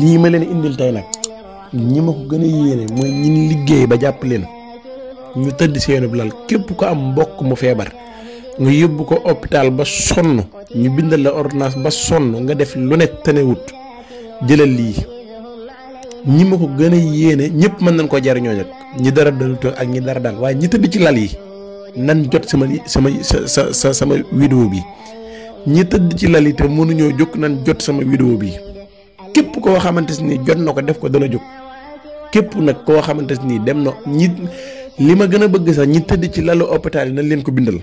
lii ma leen indil tey nag ñi ma ko gën a yéene mooy ñin liggéey ba jàpp leen ñu tëdd seenub lal képp ko am mbokk mu feebar nga yóbbu ko hôpital ba sonn ñu bindal la ordinance ba sonn nga def lu ne tënewut jëlal lii ñi ma ko gën a yéene ñëpp mën nañ koo jariñoo nag ñi dara dalutoo ak ñi dara dal waaye ñi tëdd ci lal yi nan jot sama sama sa sa sama vidéo bi ñi tëdd ci lal yi te mënuñoo jóg nan jot sama vidéo bi képp koo xamante ni jot na ko def ko dana jóg képp nag koo xamante ni dem na ñi li ma gën a bëgg sax ñi tëdd ci lalu hôpital nañ leen ko bindal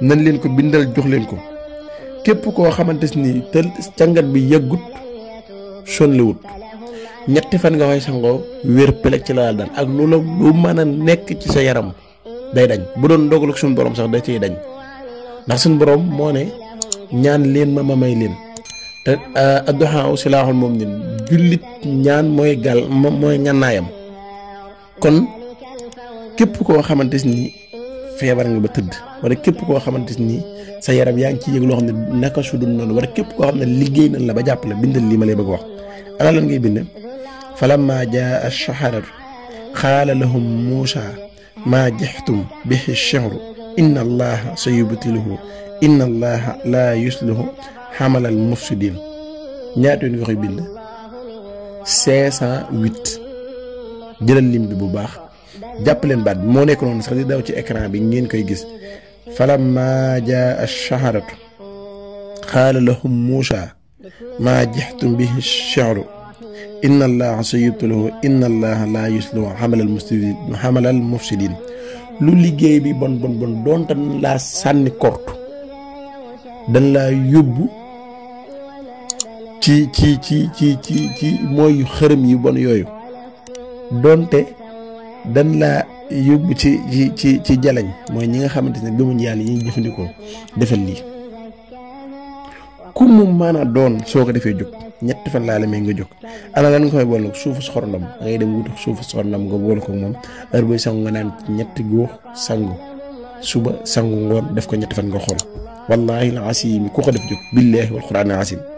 nañ leen ko bindal jox leen ko képp koo xamante ni te càngat bi yëggut sonliwut ñetti fan nga koy sangoo wér pelek ci la dal ak loola lu mën a nekk ci sa yaram day dañ bu doon dogal ak suñu borom sax day ciy dañ ndax suñu borom moo ne ñaan leen ma ma may leen. adduhaa silaaxul mu'min jullit ñaan mooy gal mooy ngànnaayam kon képp koo xamante ni feebar nga ba tëdd wala képp koo xamante ni sa yaram yaa ngi ciy yëg loo xam ne naka su dul noonu wala képp koo xam ne liggéey nañ la ba jàppale bindal lii ma lay bëgg wax ana lan ngay bind falamma jaa ash-shaharatu lahum muusa maa jextum bihi ash inna allaha sayubtiluhu inna allaha laa yuslihu xamalal mufsidin ñaata yoon nga koy bind 508 jëlal lim bi bu baax jàpp leen baat bi moo nekk noonu sax di daw ci écran bi ngeen koy gis falamma jaa ash-shaharatu qaala lahum muusa maa jextum bihi ash-sha'ru inna allaha sayyitu lahu inna allaha laa yuslihu xamalal mufsidin xamalal mufsidin lu liggéey bi bon bon bon doontan laa sànni kort dan laa yóbbu ci ci ci ci ci ci mooy xërëm yi bon yooyu donte dan laa yóbbu ci ci ci ci jalañ mooy ñi nga xamante ne gëmuñ yàlla yi ñu jëfandikoo defal lii ku mu mën a doon soo ko defee jóg ñett fan laa la may nga jóg ana lan nga koy boole suufu su xorondom da dem wuti suuf su xorondom nga boole ko moom heure booy sangu nga naan ñetti góox sangu suba sangu ngoon def ko ñett fan nga xool wallaahi la asiim ku ko def jóg billaahi wal quraan asiim